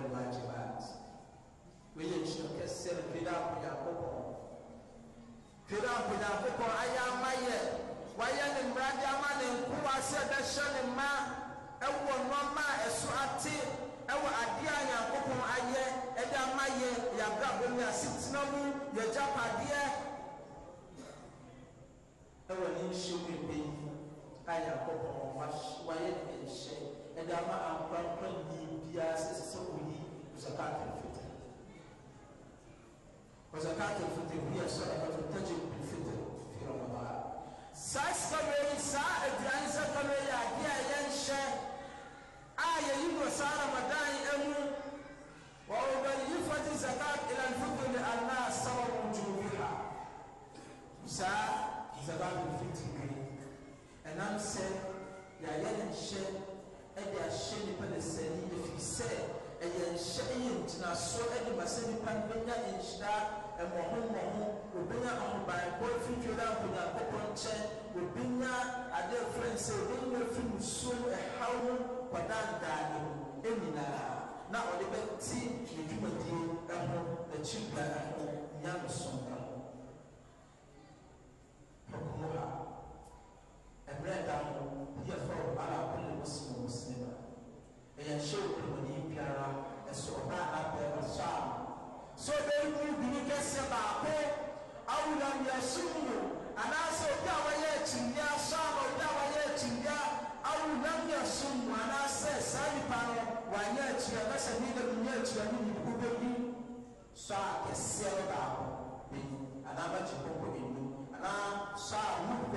walwajibat wei yɛ nhyira kɛseɛ no twɛ dɛ ako nyankopɔn twɛ dɛ ako nyankopɔn ayɛ ama yɛ wayɛ ne mmara de ama ne nkowa sɛ ɛbɛhyɛ ne mma ɛwɔ nneɛma a ɛso ate ɛwɔ adeɛ a a Nyankopɔn wayɛ ne nhyɛ ɛde ama ankwankwanyi biara sɛ sɛ sɛ oyi musaka atɛfɛ mmɔho mmɔho obinya ahobanbɔ fitwe dɛ akonyakopɔ nkyɛn obinya adeɛ frɛ sɛ obinya firi nsuo ɛhaw ho kɔdandaa ne ho yasumu anaasɛ obi a wayɛ akyinnea sɔama obi a wayɛ akyinnea awonam yasumu anaasɛ saa nipa no wanyɛ akyire na sɛ ne dɛm nyɛ akyire no nipu bɛbi sɔ a kɛseɛ no baako bɛyi anaa bɛgye kɔkɔ enum anaa sɔ a wudu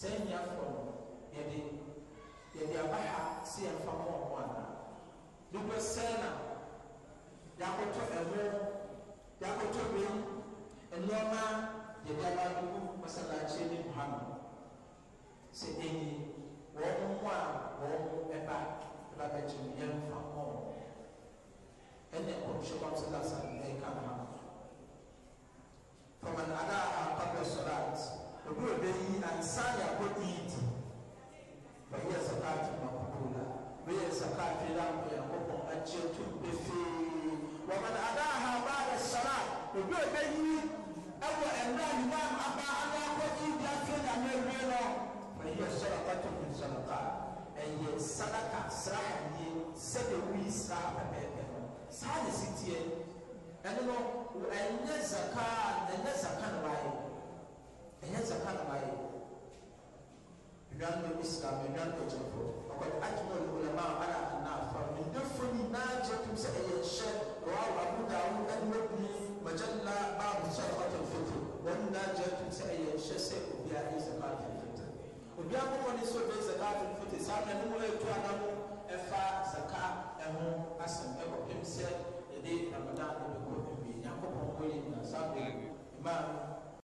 sɛ nyia fɔ no yɛde yɛde aba ha sɛ yɛmfa mɔ ɔmo ana nipa sɛn na yɛakɔtɔ ɛmo yɛakɔtɔ bɛyi nneɛma yɛde aba dugu masalakye ne mu ha no sɛ ɛyi wɔn mo a wɔn ɛba ɛba bɛgye mu ansani akɔdi iti wɔyɛ sakaati ma koko na wɔyɛ sakaati la wɔyɛ kɔkɔ akyɛ to pefee wɔn ada aha baara sara obi a ɔbɛyi ɛwɔ ɛnda nyina aba ana akɔdi iti afi na mɛwie no wɔyɛ sara kɔtɔ mu sara baa ɛyɛ sadaka sara yie sɛde wuyi sara pɛpɛɛpɛ saa ne si tie ɛno no ɛnyɛ zaka ɛnyɛ zaka na wayɛ ɛnyɛ zaka na wayɛ. Grande Islam e grande Giappone.